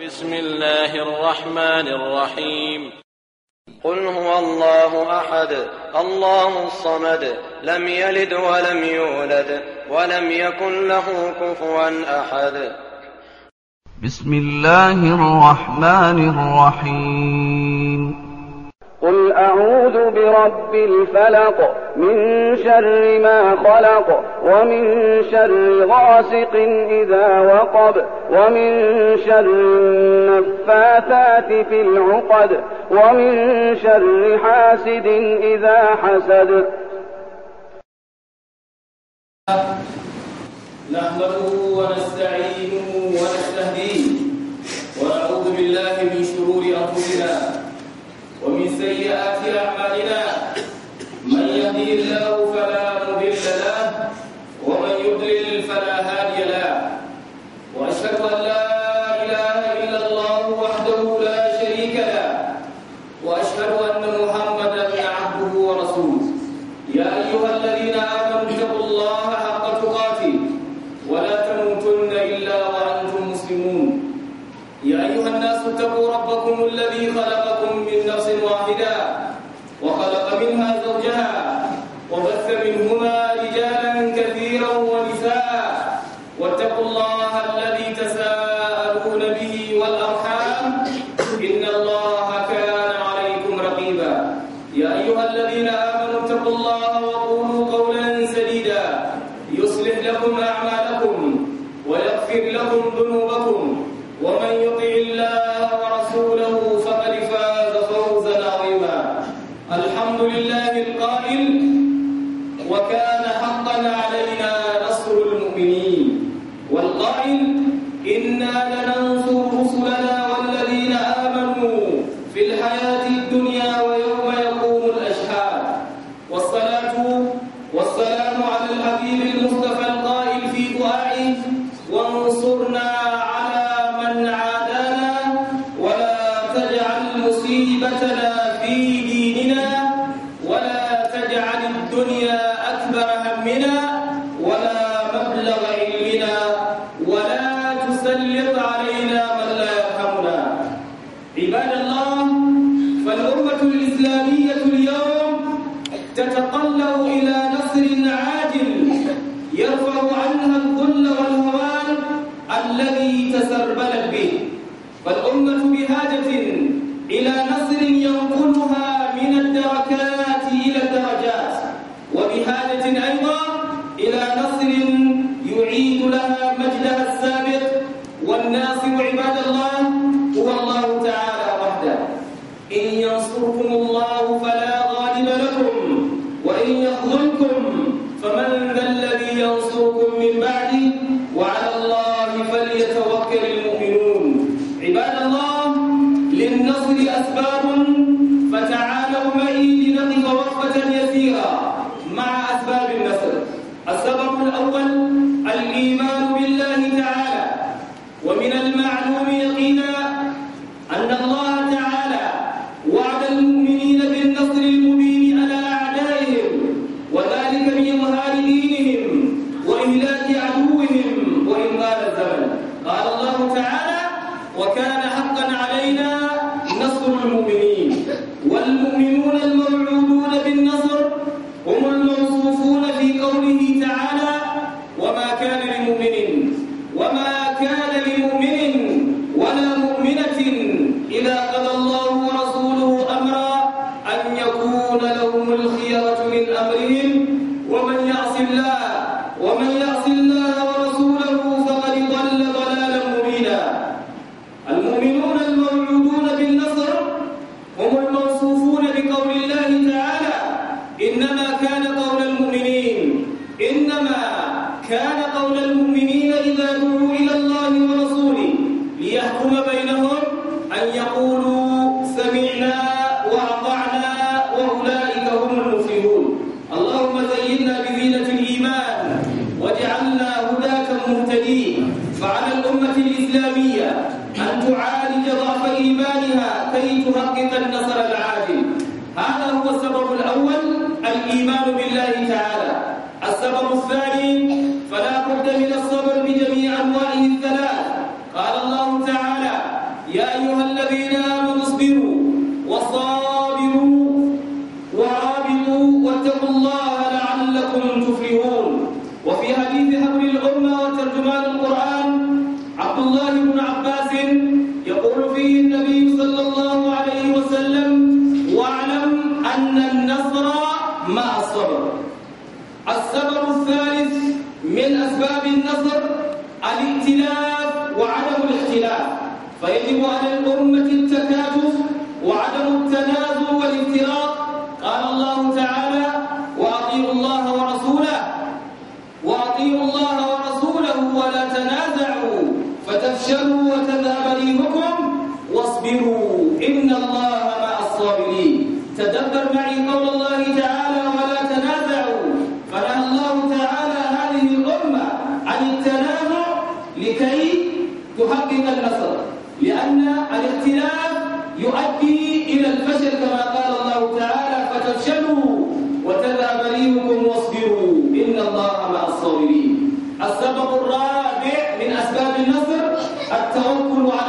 بسم الله الرحمن الرحيم قل هو الله احد الله الصمد لم يلد ولم يولد ولم يكن له كفوا احد بسم الله الرحمن الرحيم قل أعوذ برب الفلق من شر ما خلق ومن شر غاسق إذا وقب ومن شر النفاثات في العقد ومن شر حاسد إذا حسد نحمده ونستعين أعمالنا من يهدي الله فلا مضل له ومن يضلل فلا هادي له وأشهد أن لا إله إلا الله وحده لا شريك له وأشهد أن محمدا عبده ورسوله يا أيها الذين آمنوا اتقوا الله حق تقاته ولا تموتن إلا وأنتم مسلمون يا أيها الناس اتقوا ربكم الذي خلقكم وخلقها زوجها وبث منهما يسلط علينا من لا يرحمنا عباد الله فالأمة الإسلامية اليوم تتقلب إلى نصر عاجل يرفع عنها الذل والهوان الذي تسربلت به فالأمة بحاجة إلى نصر ينقلها determinação السبب الرابع من أسباب النصر التوكل على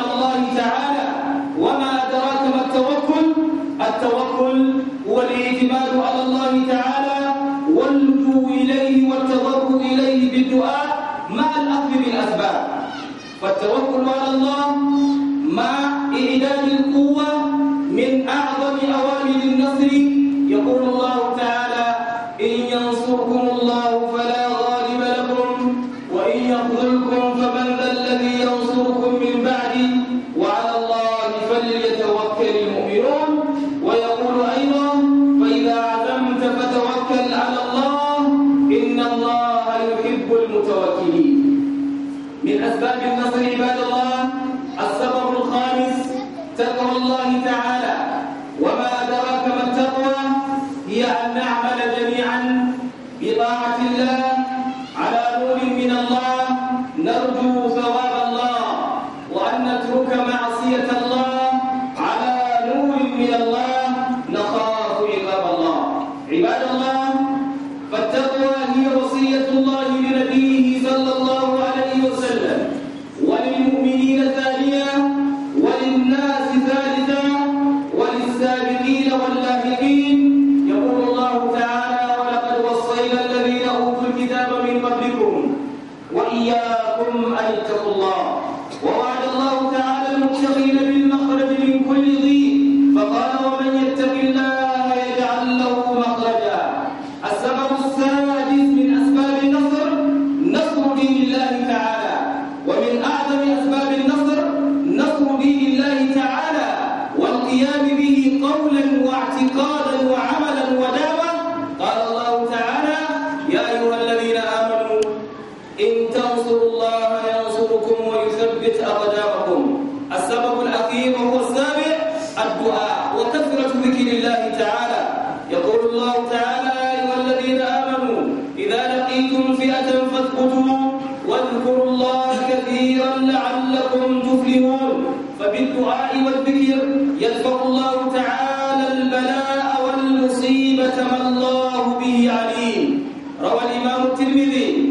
روى الإمام الترمذي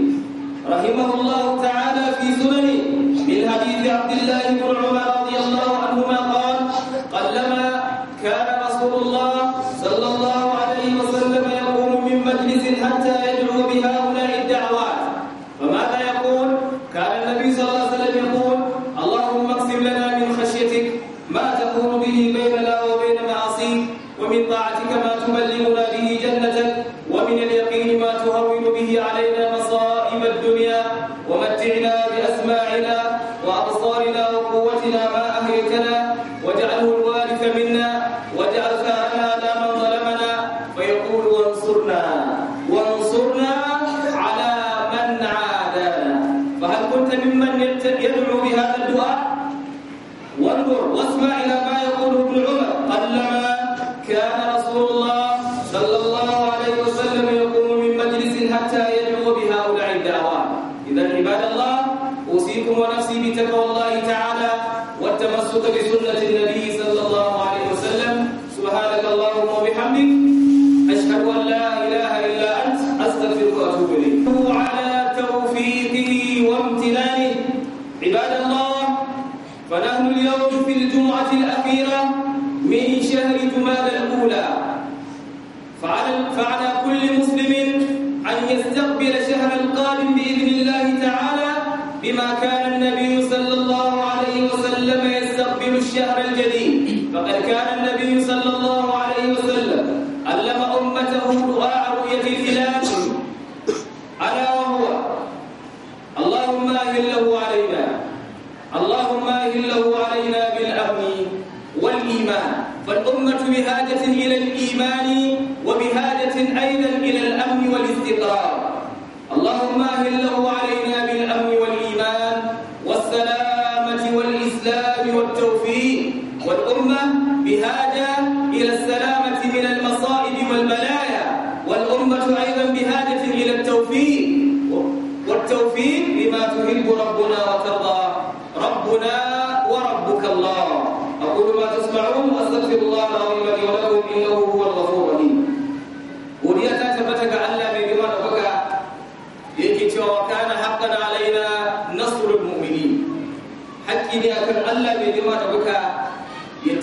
رحمه الله تعالى في سننه من حديث عبد الله بن عمر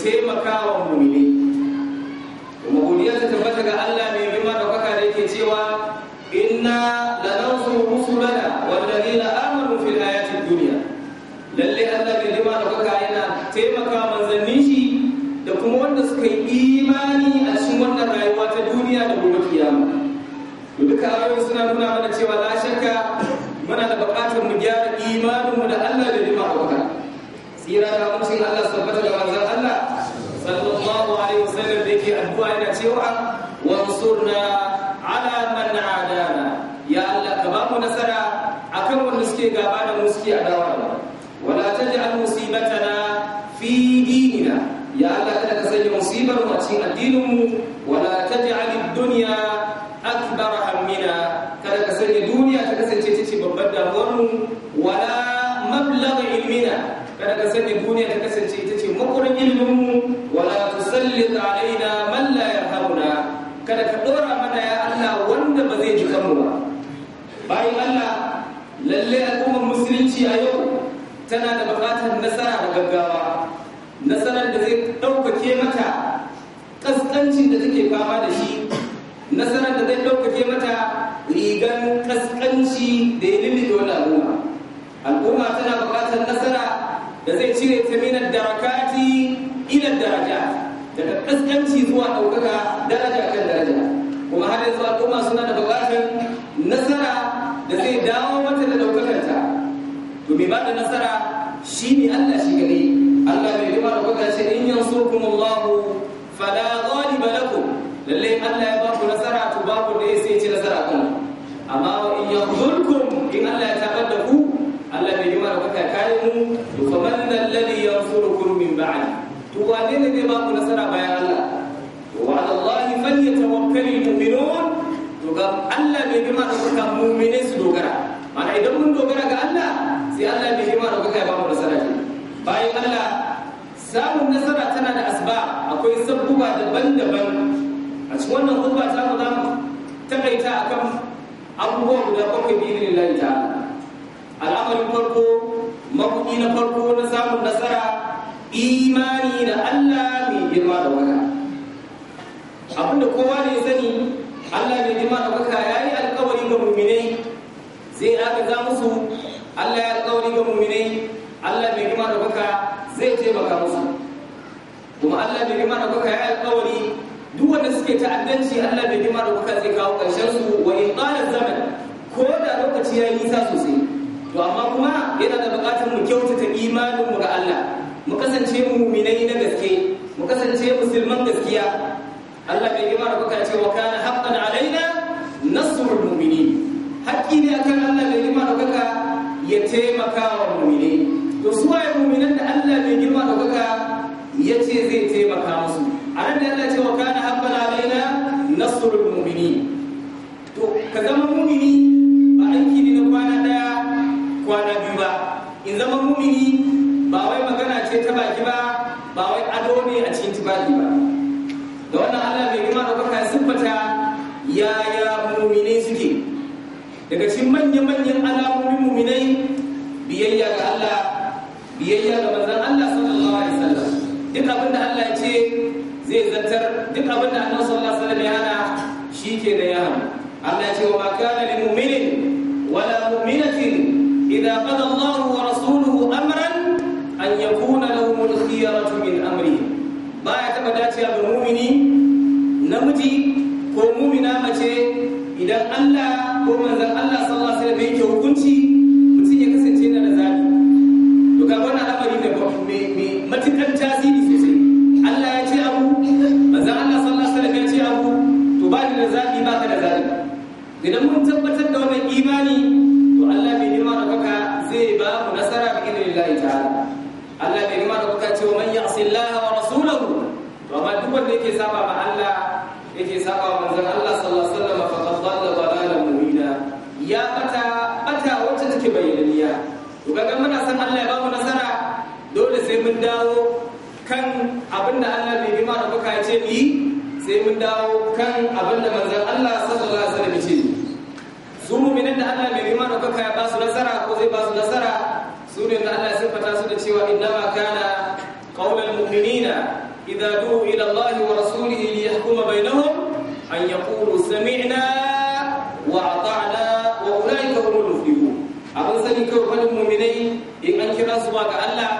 taimaka wa mu'mini kuma godiya ta tabbata ga Allah mai girma da kwaka da yake cewa inna lanansuru rusulana wallazina amanu fil hayati dunya lalle Allah mai girma da kwaka yana taimaka manzanni shi da kuma wanda suka yi imani a cikin wannan rayuwa ta duniya da gobe kiyama duka ayoyi suna nuna mana cewa la shakka muna da buƙatar mu gyara imaninmu da Allah da girma da kwaka tsira da amincin Allah tabbata ga manzan Allah alaihi wasallam da yake addu'a yana cewa wansurna ala man adana ya Allah ka ba nasara akan wanda suke gaba da mu a dawa ba. wala taj'al musibatana fi dinina ya Allah kada ka sanya musibar mu a cikin addinin mu wala taj'al ad-dunya akbar hammina kada ka sanya duniya ta kasance ce babbar damuwar mu wala mablagha ilmina kada ka sanya duniya ta kasance ita ce makurin ilimin kada ka ɗora mana ya Allah wanda ba zai ji kanmu ba bayan Allah lalle al'ummar musulunci a yau tana da buƙatar nasara da gaggawa nasarar da zai ɗaukake mata ƙasƙancin da take fama da shi nasarar da zai ɗaukake mata rigan ƙasƙanci da ya lullube wani al'umma al'umma tana buƙatar nasara da zai cire ta minar darakati ila daraja daga kaskanci zuwa ɗaukaka daraja kan daraja kuma har yanzu al'umma suna da bukatar nasara da zai dawo mata da ta to mai bada nasara shi ne Allah shi gare Allah mai rima da ce in yansurkum Allah fala ghaliba lakum lalle Allah ya ba ku nasara to babu da sai ce nasara kan amma wa in yakhzulkum in Allah ya ba Allah bai girma da suka mumine su dogara mana idan mun dogara ga Allah sai Allah bai girma da kuka ba mu nasara ce bayan Allah samun nasara tana da asba akwai sabbuba daban-daban a cikin wannan hudba ta mu takaita akan abubuwan guda bakwai bi lillahi ta'ala al'amarin farko mabuɗi na farko na samun nasara imani da Allah mai girma da wata abinda kowa ne sani Allah mai jima baka ya yi alkawari ga muminai zai agaza musu Allah ya alkawari ga muminai Allah mai jima baka zai taimaka musu kuma Allah mai jima baka ya yi alkawari duk wanda suke ta'addanci Allah mai jima baka zai kawo ƙarshen su wa in qala zaman ko da lokaci ya yi nisa sosai to amma kuma yana da buƙatar mu kyautata imanin mu ga Allah mu kasance mu muminai na gaske mu kasance musulman gaskiya Allah bai gima da kuka ce wa kana haqqan alaina nasrul mu'minin haƙƙi ne akan Allah bai gima da kuka ya taimaka wa mu'mini to su waye mu'minan da Allah bai gima da kuka ya ce zai taimaka musu A nan da Allah ce wa kana haqqan alaina nasrul mu'minin to ka zama mu'mini ba aiki ne na kwana daya kwana biyu ba in zama mu'mini ba wai magana ce ta baki ba ba wai ado ne a cikin tibali ba yaya mu'minin siki dengan si menye-menye alam bi sai mun dawo kan abin da manzan Allah sallallahu alaihi wasallam ce su mu'minin da Allah mai girma da ya ba su nasara ko zai ba su nasara su ne da Allah ya siffata su da cewa ma kana qaulal mu'minina idza du'u ila Allah wa rasulihi li yahkuma bainahum an yaqulu sami'na wa ata'na wa ulaika humul muflihun abin sani kawai wannan mu'minai in an kira su ba ga Allah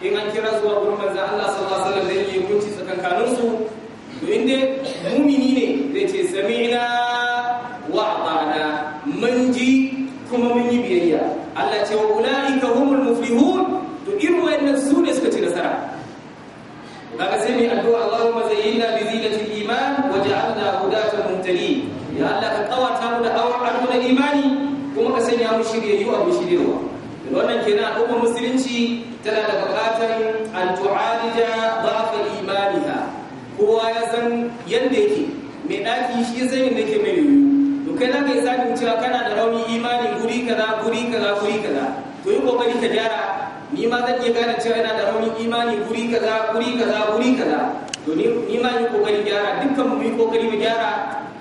in an kira su ba gurin manzan Allah sallallahu alaihi wasallam da yake hukunci tsakankaninsu to inda mumini ne zai ce sami'na wa ata'na mun ji kuma mun yi biyayya Allah ce wa ulaika humul muflihun to irin wayannan su ne suka ci nasara kaga sai mai addu'a Allahumma zayyinna bi zinatil iman waj'alna hudatan muhtadin ya Allah ka kawata mu da aure da imani kuma ka sanya mu shiryayyu a mu shiryewa wannan kenan al'ummar musulunci tana da buƙatar an tu'alija ba'a kowa ya san yadda yake mai ɗaki shi zai da ke mai yoyo to kai za ka yi sabin cewa kana da rauni imanin guri kaza guri kaza guri kaza to yi kokari ka gyara ni ma zan iya gane cewa yana da rauni imani guri kaza guri kaza guri kaza to ni ma yi kokari gyara dukkan mu yi kokari mu gyara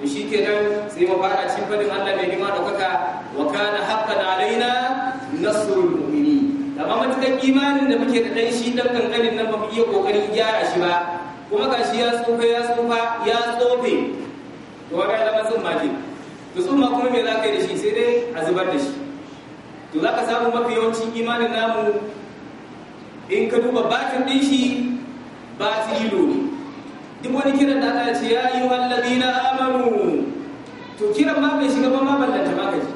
to shi ke nan sai mu fara cikin fadin Allah mai girma ɗaukaka wa kana haqqa alaina nasrul mu'minin amma matakan imanin da muke da dan shi dan kankanin nan ba mu iya kokarin gyara shi ba kuma ga shi ya tsufa ya tsufa ya tsofe to ga ya zama tsumma ke to tsumma kuma me za ka yi da shi sai dai a zubar da shi to za ka samu mafi yawancin imanin namu in ka duba batin ɗin shi ba su ilo lori duk wani kiran da aka ce ya yi wallazi na amanu to kiran ma bai shiga ba ma ballanta ma ka ji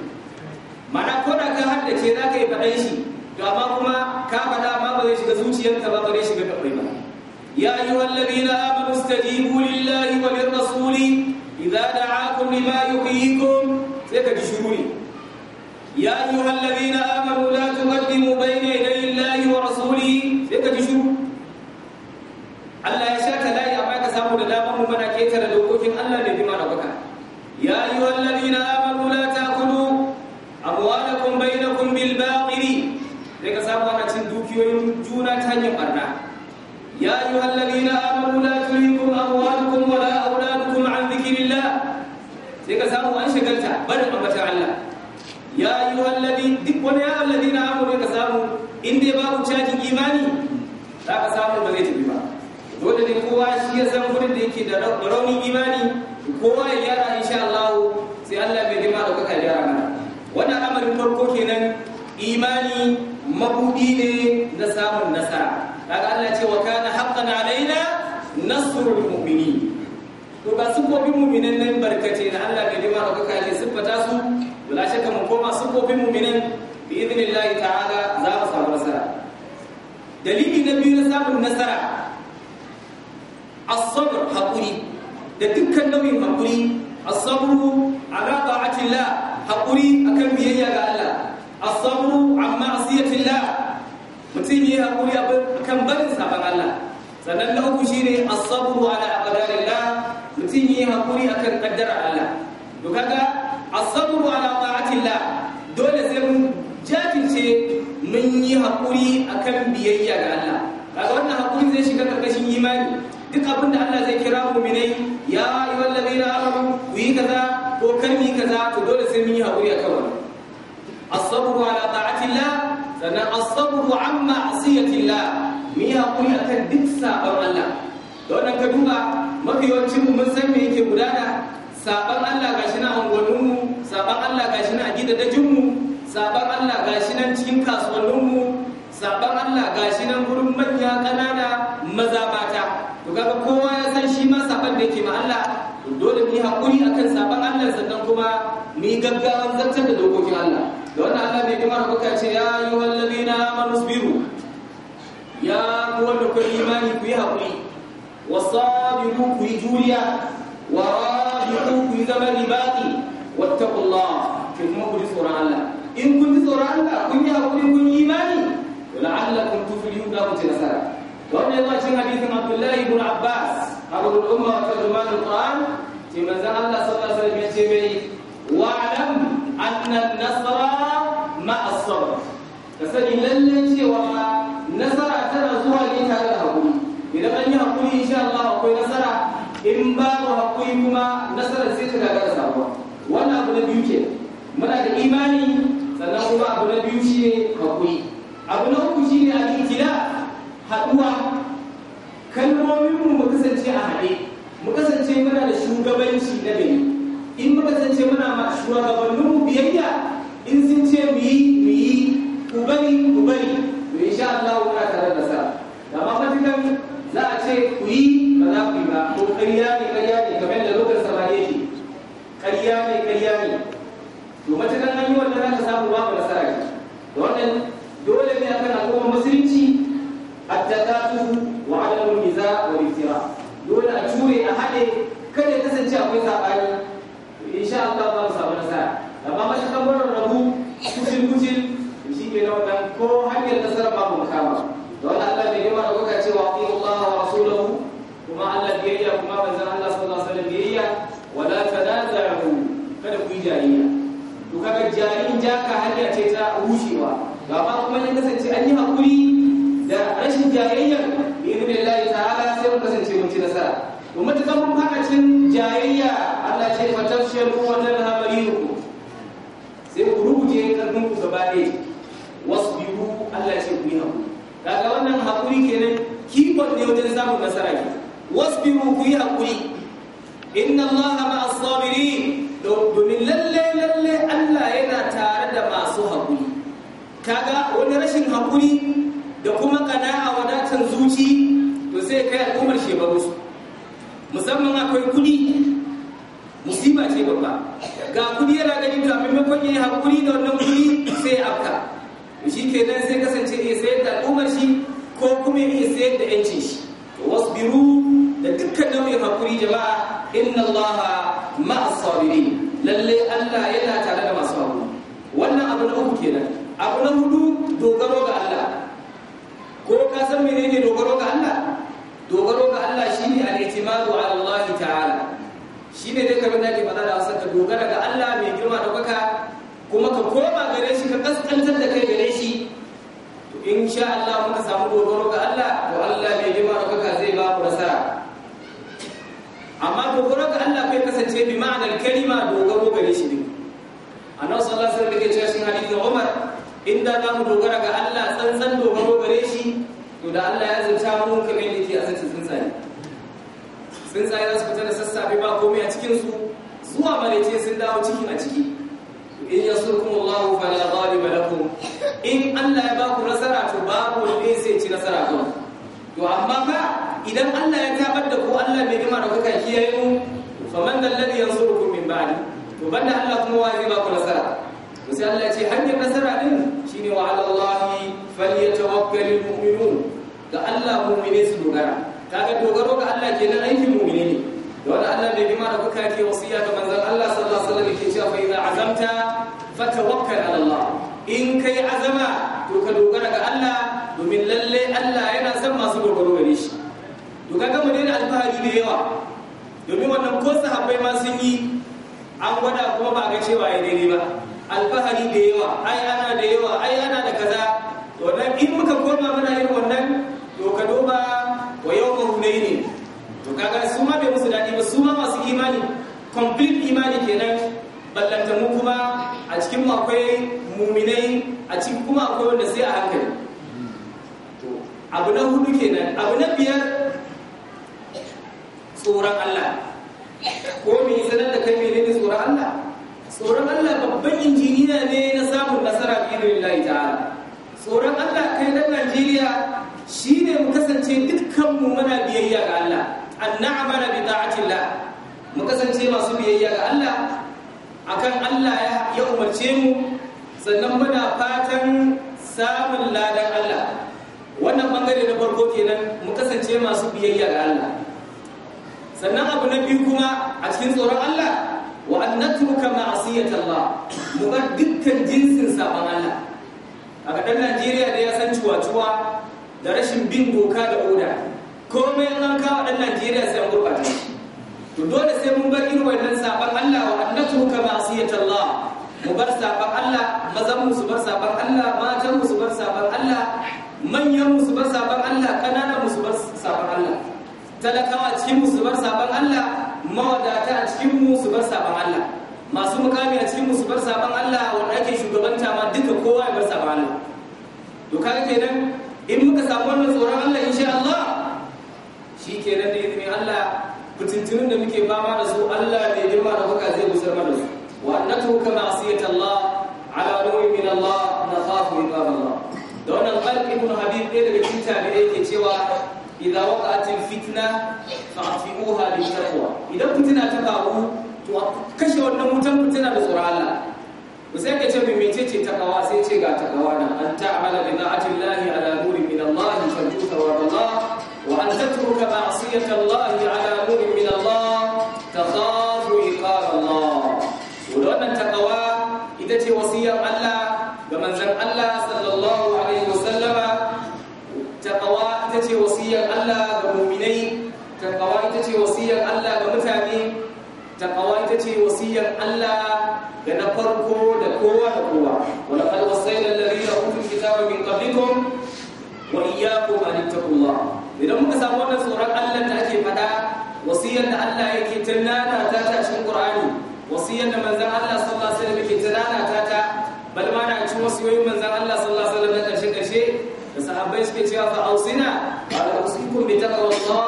mana ko da ka haddace za ka yi faɗan shi to amma kuma ka faɗa ma ba zai shiga zuciyarka ba ba zai shiga kaɓai ba يا أيها الذين آمنوا استجيبوا لله وللرسول إذا دعاكم لما يحييكم سيكتشروني يا أيها الذين آمنوا لا تقدموا بين يدي الله ورسوله سيكتشروا الله يشاك لا يأباك سامو لدامه من أكيتر لوكوكين الله لديما ربك يا أيها الذين آمنوا لا تأكلوا أموالكم بينكم بالباطل لك سامو أنا تندوكي ويمجونا تهنيم أرناك يا أيها الذين آمنوا لا تلهكم أموالكم ولا أولادكم عن ذكر الله سامو الله يا الذين يا الذين سامو دي سامو dole ne kowa shi ya san da yake raunin imani kowa ya yara insha allahu sai Allah bai girma da yara mana wannan amarin farko kenan imani mabudi ne na samun nasara daga Allah ce wa kana haqqan alaina nasrul mu'minin to ba sifofin mu'minan nan barkace na Allah bai dima da kake siffata su wala shakka mun koma sifofin mu'minan bi idnillahi ta'ala za mu samu nasara dalili na biyu na samun nasara as-sabr hakuri da dukkan nau'in hakuri as-sabru ala ta'atillah hakuri akan biyayya ga Allah as-sabru amma asiyatillah mutum yi hakuri akan barin saban Allah sannan na uku shine as-sabru ala qadarillah mutum yi hakuri akan kaddara Allah to kaga as-sabru ala ta'atillah dole sai mun jajince mun yi hakuri akan biyayya ga Allah kaga wannan hakuri zai shiga karkashin imani duk abin da Allah zai kira mu'minai ya ayyuhal ladina amanu ku yi kaza ko kar mu yi kaza to dole sai mun yi hakuri akan wannan as-sabru ala ta'atillah sannan as-sabru amma asiyatillah mu yi a akan duk sabon Allah da wannan ka duba mafi yawancin mun san me yake gudana sabon Allah gashi na unguwanninmu sabon Allah gashi na gidadajinmu sabon Allah gashi nan cikin kasuwanninmu sabon Allah gashi nan gurin manya ƙanana maza mata to kaga kowa ya san shi ma sabon da ke ma Allah dole mu yi akan sabon Allah sannan kuma mu yi gaggawan zartar da dokokin Allah da wannan Allah mai kuma da ce ya ayyuhallazina amanu sabiru ya ku wanda ku imani ku yi haƙuri wa sabiru ku yi juriya wa rabitu ku yi zama ribaki wattaqullah ku kuma ku ji tsoron Allah in kun ji tsoron Allah kun yi haƙuri kun yi imani la'allakum tuflihun da ku ci nasara wannan yana cin hadisin Abdullahi ibn Abbas abu al-umma wa tarjuman al-Qur'an sai manzon Allah sallallahu alaihi wasallam ya ce mai wa'lam anna an-nasra ma'a as-sabr kasani lallan cewa in ba babu hakuri kuma nasarar sai ta gagara sabuwa wannan abu na biyu ke muna da imani sannan kuma abu na biyu shi ne hakuri abu na uku shi ne al'itila haɗuwa kalmomin mu kasance a haɗe mu kasance muna da shugabanci na gari in mu kasance muna ma mu biyayya in sun ce mu yi mu yi ku bari ku bari to insha Allah muna tare da sa amma matukan za a ce ku yi ba za ku yi ba ko ƙarya ne ƙarya ne kamar yadda lokacin samari yake ƙarya ne karya ne to matakan an yi wannan aka samu babu nasara ne da wannan dole ne akan al'ummar musulunci at-taqatu wa 'adamu al-niza wa al-iftira dole a ture a haɗe kada ya kasance akwai sabani insha Allah ba mu samu nasara amma matakan barin rabu kucin kucin shi ke na wannan ko hanyar nasarar babu makama da wannan Allah bai yi ma da kuka cewa wa kuma manzon Allah sallallahu alaihi wasallam biyayya wala tanazaru kada ku jariya to kaga jarin jaka hanya ce ta rushewa ga ma kuma ne kasance an yi hakuri da rashin jayayya bi billahi ta'ala sai mun kasance mun ci nasara to matakan mun haka cin jayayya Allah ce fa tafshiru wa tanhabariku sai ku rubuce karfin ku gaba ɗaya wasbiru Allah ce ku yi hakuri kaga wannan hakuri kenan kifon ne wajen samun nasara kenan wasbiru ku yi haƙuri inna Allah ma asabiri domin lalle lalle Allah yana tare da masu haƙuri kaga wani rashin haƙuri da kuma kana'a wadatan zuci to sai kai al'ummar shebaru su musamman akwai kudi musiba ce babba ga kudi yana gani to a maimakon yayi haƙuri da wannan kudi sai afka shi kenan sai kasance ne sayar da al'ummar shi ko kuma ya sayar da yancin shi wasbiru da dukkan nau'in hakuri jama'a inna allaha ma'as sabirin lalle Allah yana tare da masu hakuri wannan abu na uku kenan abu na hudu dogaro ga Allah ko ka san menene dogaro ga Allah dogaro ga Allah shine al-i'timadu ala Allah ta'ala shine da kamar nake ke faɗa da wasan ka dogara ga Allah mai girma da baka kuma ka koma gare shi ka kaskantar da kai gare shi to insha Allah muka samu dogaro ma dogaro gare shi ne annabi sallallahu alaihi wasallam yake cewa cikin hadisin Umar inda za mu dogara ga Allah tsantsan dogaro gare shi to da Allah ya zanta mu kamar yadda a azanci tsuntsaye tsuntsaye za su fita da sassafe ba komai a cikin su zuwa ce sun dawo ciki a ciki in yasurkum Allah fala ghaliba lakum in Allah ya baku nasara to babu wanda zai ci nasara ga to amma ba idan Allah ya tabar da ku Allah bai nima da kuka kiyaye mu faman nan ladhi yansurukum min ba'di to banda Allah kuma wa ba ku nasara to sai Allah ce hanyar nasara din shine wa ala Allah falyatawakkalul mu'minun ga Allah mu'mini su dogara kaga dogaro ga Allah kenan aikin mu'mini ne da wani Allah bai bima da kuka ke wasiya ga manzon Allah sallallahu alaihi wasallam ke cewa fa idza azamta fatawakkal ala Allah in kai azama to ka ga Allah domin lallai Allah yana son masu dogaro gare shi to kaga mu daina alfahari da yawa domin wannan ko sahabbai ma sun yi an gwada kuma ba ga cewa ya daidai ba alfahari da yawa ai ana da yawa mazan musu bar saban Allah matan musu bar saban Allah manyan musu bar saban Allah kananan musu bar saban Allah talakawa cikin musu bar saban Allah mawadata a cikin musu bar saban Allah masu mukami a cikin musu bar saban Allah wanda ake shugabanta ma duka kowa ya bar saban Allah to kaga kenan in muka samu wannan tsoron Allah insha Allah shi kenan da izinin Allah fitintunin da muke fama da su Allah bai girma da baka zai busar mana su wa annatu kama asiyat Allah ala ruwi min Allah na khafu imam Allah da wannan qalb ibn habib ɗaya daga cikin tabi'ai ke cewa idza waqa'atil fitna fa'tibuha bittaqwa idan fitina ta faru to kashe wannan mutan fitina da tsoron Allah ku sai ka ce mai sai ce ga ta nan an ta'amala bi na'atillahi ala nurin min wa an tatruka ma'siyata Allah ala nurin min wasiyyar Allah da na farko da kowa da kowa wala qad wasayna alladhina utul kitaba min qablikum wa iyyakum an tattaqullah idan muka samu wannan tsoron Allah da ake fada wasiyar da Allah yake tunana ta ta cikin Qur'ani wasiyar da manzon Allah sallallahu alaihi wasallam yake tunana ta ta bal ma na cikin wasiyoyin manzon Allah sallallahu alaihi wasallam da karshe karshe da sahabbai suke cewa fa ausina ala usikum bi taqwa Allah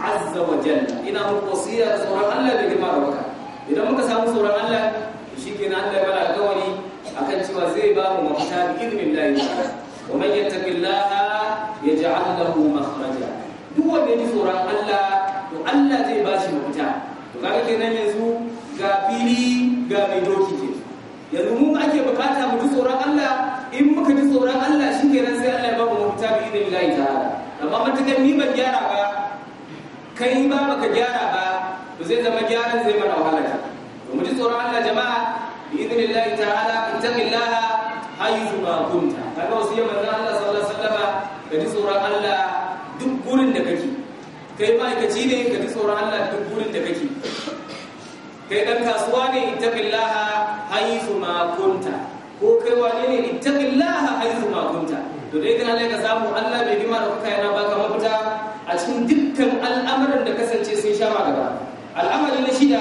azza wa jalla ina muku wasiya tsoron Allah da girma da baka idan muka samu tsoron Allah shi ke na Allah ya bada a kan cewa zai ba mu mafita bi idnin lahi wa man yattaqillaha yaj'al lahu makhraja duk wanda ya tsoron Allah to Allah zai ba shi mafita to kaga kenan yanzu ga fili ga mai doki ke yanzu mu ake bukata mu ji tsoron Allah in muka ji tsoron Allah shi ke nan sai Allah ya ba mu mafita bi ilimin layi. ta'ala amma matakan ni ban gyara ba kai ba baka gyara ba to zai zama gyaran zai mana wahala ta to mu ji tsoron Allah jama'a bi idnillahi ta'ala intaqillaha haythu ma kunta kaga wasiyar manzon Allah sallallahu alaihi wasallama ka ji tsoron Allah duk gurin da kake kai ma'aikaci ne ka ji tsoron Allah duk gurin da kake kai dan kasuwa ne intaqillaha haythu ma kunta ko kai wane ne intaqillaha haythu ma kunta to dai kana lai ka samu Allah bai bima da kuka yana baka mafita a cikin dukkan al'amuran da kasance sun sha ma gaba al'amarin na shida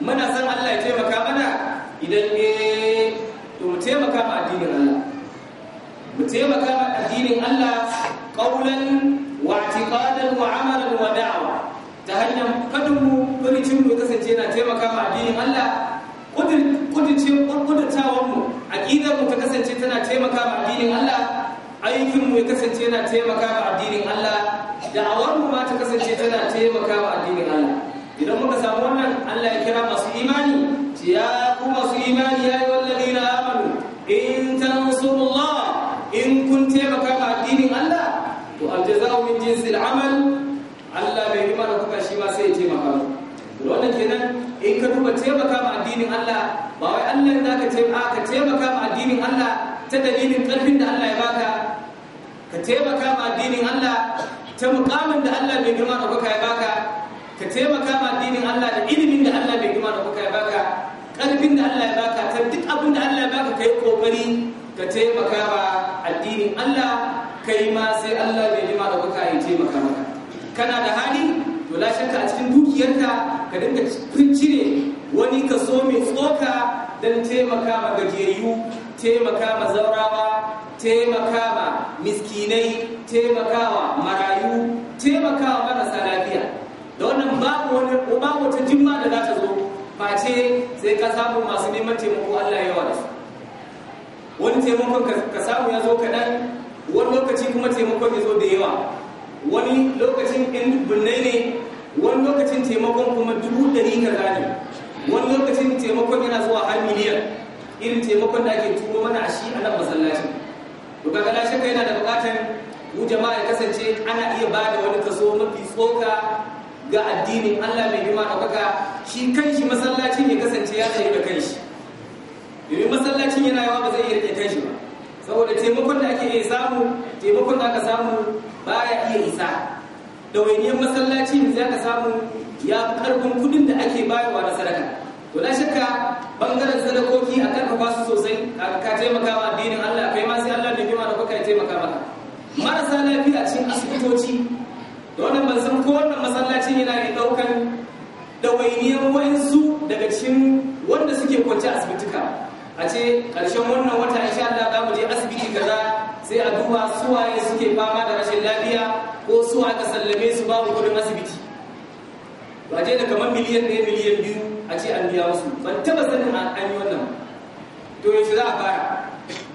muna san Allah ya taimaka mana idan ne eh, to mu taimaka ma addinin Allah mu taimaka ma addinin Allah qaulan wa i'tiqadan wa amalan wa da'wa ta hanyar kadunmu furicin mu kasance na taimaka ma addinin Allah kudin tawon mu aqidar mu ta kasance tana taimaka ma addinin Allah aikinmu ya kasance yana taimaka ma addinin Allah da'awarmu ma ta kasance tana taimaka addinin Allah idan muka samu wannan Allah ya kira masu imani ce ya ku masu imani ya yi wallazi na amanu in tansurullah in kun taimaka wa addinin Allah to aljaza'u min jinsil amal Allah bai rima da kuka shi ma sai ya taimaka mu wannan kenan in ka duba taimaka ma addinin Allah ba wai Allah za ka taimaka wa addinin Allah ta dalilin ƙarfin da Allah ya baka ka taimaka ma addinin Allah ta mukamin da Allah bai girma da kuka ya baka ka taimaka ma addinin Allah da ilimin da Allah bai girma da kuka ya baka karfin da Allah ya baka ta duk abin da Allah ya baka kai kokari ka taimaka ma addinin Allah kai ma sai Allah bai girma da kuka ya taimaka maka kana da hali to la shakka a cikin dukiyarka ka dinga cire wani ka kaso mai tsoka dan taimaka ma gajiyayyu taimaka ma zaurawa taimaka ma miskinai taimakawa marayu taimakawa marasa lafiya da wannan babu wani babu wata jimma da za ta zo face sai ka samu masu neman taimako Allah ya da wani taimakon ka samu ya zo kaɗan wani lokaci kuma taimakon ya zo da yawa wani lokacin in bunnai ne wani lokacin taimakon kuma dubu ɗari ka zane wani lokacin taimakon yana zuwa har miliyan irin taimakon da ake turo mana a shi a nan masallacin to kaga na kai yana da bukatan mu jama'a ya kasance ana iya ba da wani kaso mafi tsoka ga addinin Allah mai girma ɗaukaka shi kanshi masallacin ya kasance ya tsaye da kanshi domin masallacin yana yawa ba zai iya rike kanshi ba saboda taimakon da ake iya samu taimakon da aka samu baya iya isa da wainiyar masallacin za ka samu ya fi ƙarfin kudin da ake bayarwa na sadaka to na shakka bangaren sadakoki a karfafa su sosai a ka taimakawa asibitoci wannan ban san ko wannan masallacin yana ne daukan wainiyar wa'insu daga cikin wanda suke kwance asibitika a ce ƙarshen wannan wata insha Allah za mu je asibiti kaza sai a duba suwaye suke fama da rashin lafiya ko su aka sallame su babu kudin asibiti ba je da kamar miliyan ɗaya miliyan biyu a ce an biya musu ban taɓa sanin an yi wannan to yanzu za a fara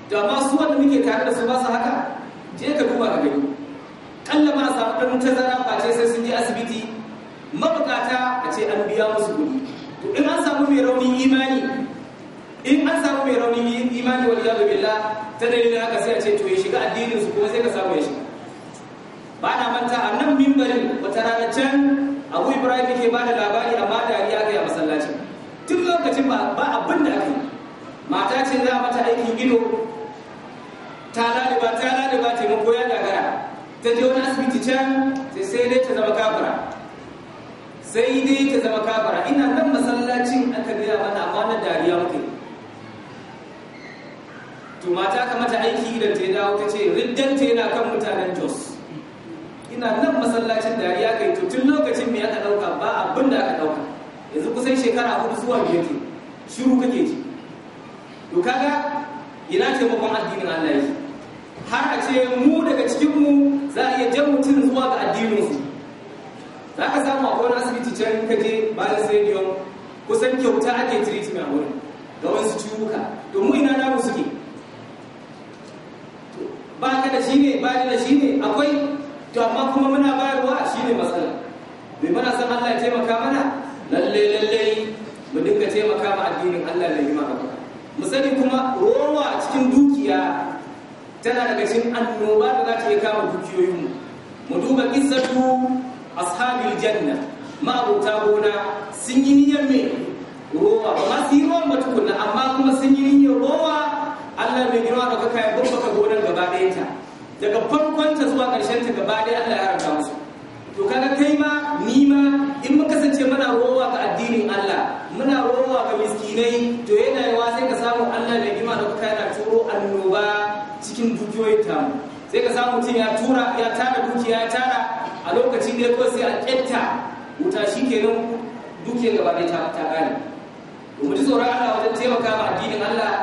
da ma su wanda muke tare da su ba su haka je ka duba a gani kalla ma samu ɗan tazara face sai sun je asibiti mabukata a ce an biya musu kuɗi to in an samu mai rauni imani in an samu mai rauni imani wal billah ta dalilin haka sai a ce to ya shiga addinin su kuma sai ka samu ya shiga ba na manta a nan mimbarin wata rana can abu ibrahim yake ba da labari amma dariya ga ya masallaci tun lokacin ba abin da ake mata ce za mata aikin gido ta laliba ta taimako ya dagara ta je wani asibiti can sai dai ta zama kafara sai dai ta zama kafara ina nan masallacin aka gaya mana amma na dariya muke to mata ka mata aiki idan ta dawo ta ce riddan ta yana kan mutanen Jos ina nan masallacin dariya kai to tun lokacin me aka dauka ba abin da aka dauka yanzu kusan shekara hudu zuwa biyar ke shiru kake ji to kaga ina taimakon addinin Allah yake har a ce mu daga cikin mu za a iya jan mutum zuwa ga addininsu za ka samu a wani asibiti can kaje je bayan stadium kusan kyauta ake tiriti a wurin ga wasu ciwuka domin ina namu suke ba ka da shi ne ba da shi ne akwai to amma kuma muna bayarwa shi ne matsala mai mana san Allah ya taimaka mana lalle lalle mu dinga taimaka ma addinin Allah ne ma mu sani kuma rowa cikin dukiya tana daga cikin annoba da za ta iya kama dukiyoyinmu mu mu duba izzatu ashabil janna ma'abuta gona sun yi niyyar mai rowa ba ma su yi rowan ba tukunna amma kuma sun yi niyyar rowa Allah mai girma da kaka ya gona gonar gaba ɗaya ta daga farkon ta zuwa ƙarshen ta gaba ɗaya Allah ya haramta musu to kaga kai ma ni ma mutum ya tura ya tara dukiya ya tara a lokacin da ya kawai sai a ƙetta wuta shi ke nan dukiya gaba da ta gane domin ji tsoron Allah wajen taimaka ma addinin Allah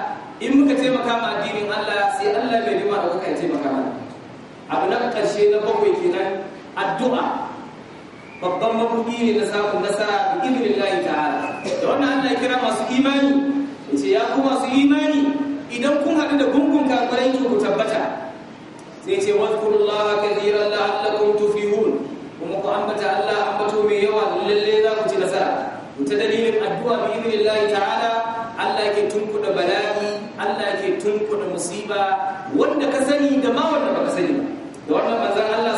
in muka taimaka ma addinin Allah sai Allah bai rima da kuka taimaka mana abu na ƙarshe na bakwai kenan addu'a babban mabuɗi ne na samun nasara da ilimin layi ta'ala da wannan Allah ya kira masu imani ya ce ya ku masu imani idan kun haɗu da gungun kakwarai ku tabbata sai ce wadkurullaha kathiran la'allakum tuflihun kuma ku ambata Allah ambato mai yawa lalle za ku ci nasara ta dalilin addu'a bi ta'ala Allah yake tunkuda bala'i Allah yake tunkuda musiba wanda ka sani da ma wanda baka sani ba da wannan manzon Allah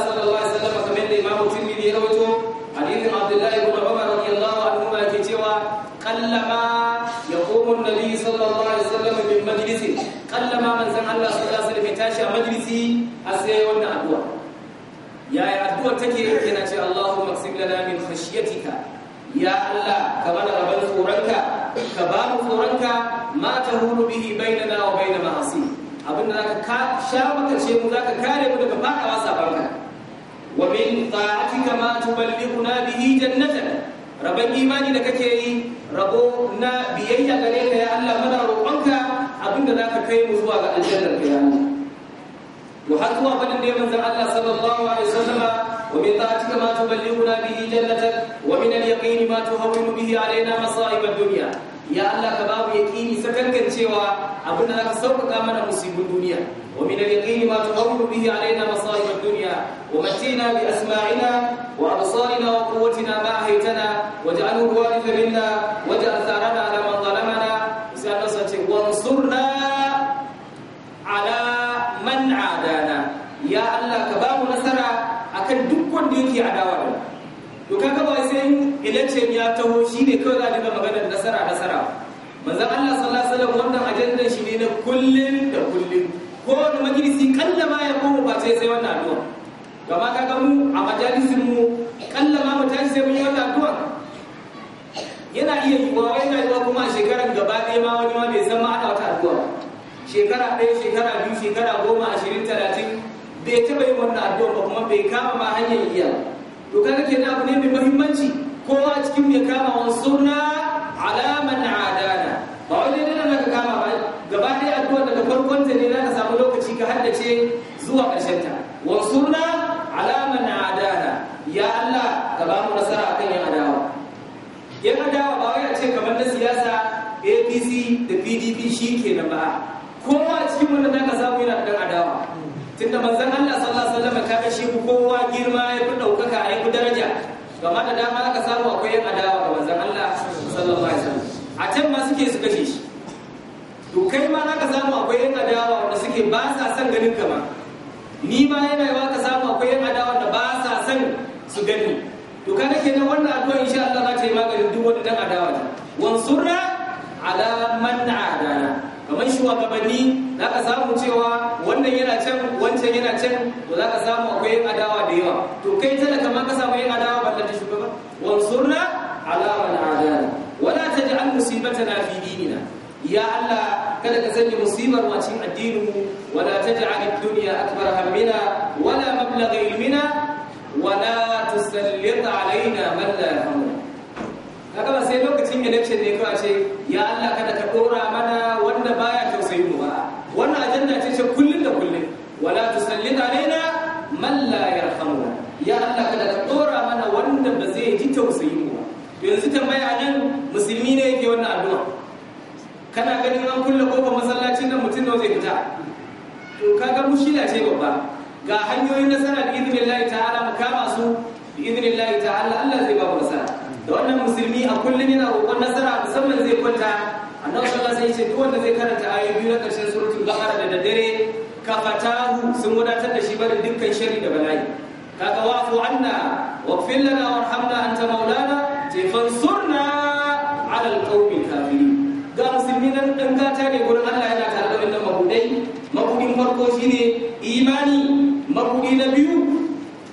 addu'ar take yana ce Allahu qsim lana min khashyatika ya Allah ka mana rabon tsoronka ka ba mu tsoronka ma tahulu bihi bainana wa bain ma'asi abinda zaka sha maka ce mu zaka kare mu daga fadawa sabanka wa min ta'atika ma tuballighuna bihi jannatan Rabban imani da kake yi rabo na biyayya gare ka ya Allah muna roƙonka abinda zaka kai mu zuwa ga aljannar ka ya Allah وحتى وقد النبي من الله صلى الله عليه وسلم ومن طاعتك ما تبلغنا به جنتك ومن اليقين ما تهون به علينا مصائب الدنيا يا الله كباب يقيني سكنكن cewa abin da zaka sauƙaƙa mana musibin duniya ومن اليقين ما تهون به علينا مصائب الدنيا ومتينا بأسماعنا وأبصارنا وقوتنا ما أحيتنا واجعله الوارث منا واجعل ثارنا على wanda yake adawa da to kaga ba sai election ya taho shine kawai za a dinga maganar nasara nasara manzon Allah sallallahu alaihi wasallam wannan ajandar shi ne na kullun da kullun ko wani majalisi kallama ya koma ba sai wannan addu'a gama kaga mu a majalisin wannan addu'a ba kuma bai kama ma hanyar iya to kaga kenan abu ne mai muhimmanci kowa a cikin mai kama wa sunna alaman na adana ba wani ne na ka kama ba gaba ɗaya addu'a daga farkon ta ne za ka samu lokaci ka haddace zuwa ƙarshen ta wa sunna alaman na adana ya Allah ka ba mu nasara akan yan adawa yan adawa ba wai a ce kamar na siyasa APC da PDP shi kenan ba kowa a cikin wannan zaka samu yana da adawa tunda manzon Allah sallallahu alaihi wasallam kaga shi kowa girma ya fi daukaka ya fi daraja gama da dama aka samu akwai yan adawa ga manzon Allah sallallahu alaihi wasallam a can ma suke su kashe shi to kai ma zaka samu akwai yan adawa wanda suke ba sa son ganin ka ma ni ma yana yawa ka samu akwai yan adawa da ba sa son su gani to kana kenan wannan addu'a insha Allah za ta yi maganin duk wani dan adawa surra ala man adana kamar shugabanni za ka samu cewa wannan yana can wancan yana can to za ka samu akwai yin adawa da yawa to kai talaka ma ka samu yin adawa ba ballan ba shugaba wansurna ala man adana wala taj'al musibatana fi dinina ya Allah kada ka sanya musibar mu a cikin addinin mu wala taj'al ad-dunya akbar hammina wala mablagh ilmina wala tusallit alaina man la yarhamuna kaga ba sai lokacin election ne a ce ya Allah kada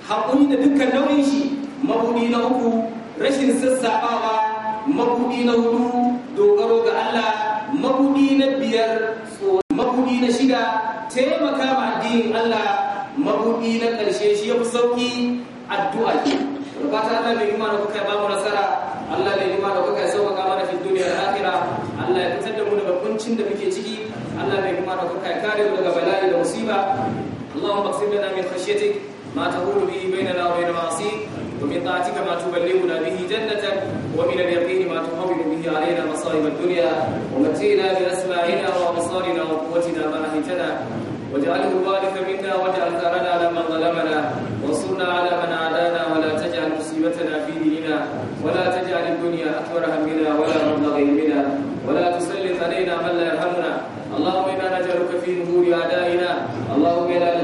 haƙuri da dukkan nauyin shi mabuɗi na uku rashin sassaɓawa mabuɗi na hudu dogaro ga Allah mabuɗi na biyar mabuɗi na shida taimaka ma addinin Allah mabuɗi na ƙarshe shi ya fi sauƙi addu'a ke fata Allah mai rima da kuka ba mu nasara Allah mai rima da kuka sauƙaƙa mana fi duniya da akira Allah ya fitar da mu daga kuncin da muke ciki Allah mai rima da kuka kare mu daga bala'i da musiba اللهم اقسم ما تهون به بيننا وبين معصيك ومن طاعتك ما تبلغنا به جنتك ومن اليقين ما تهون به علينا مصائب الدنيا ومتينا بأسماعنا وأبصارنا وقوتنا ما أهيتنا واجعله الوارث منا واجعل ثارنا على من ظلمنا وانصرنا على من عادانا ولا تجعل مصيبتنا في ديننا ولا تجعل الدنيا أكبر همنا ولا مبلغ علمنا ولا تسلط علينا من لا يرحمنا اللهم انا نجعلك في نور اعدائنا اللهم انا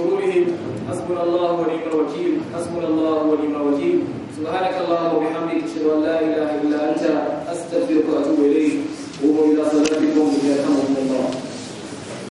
شرورهم حسبنا الله ونعم الوكيل حسبنا الله ونعم الوكيل سبحانك اللهم وبحمدك اشهد ان لا اله الا انت استغفرك واتوب اليك قوموا الى صلاتكم يرحمكم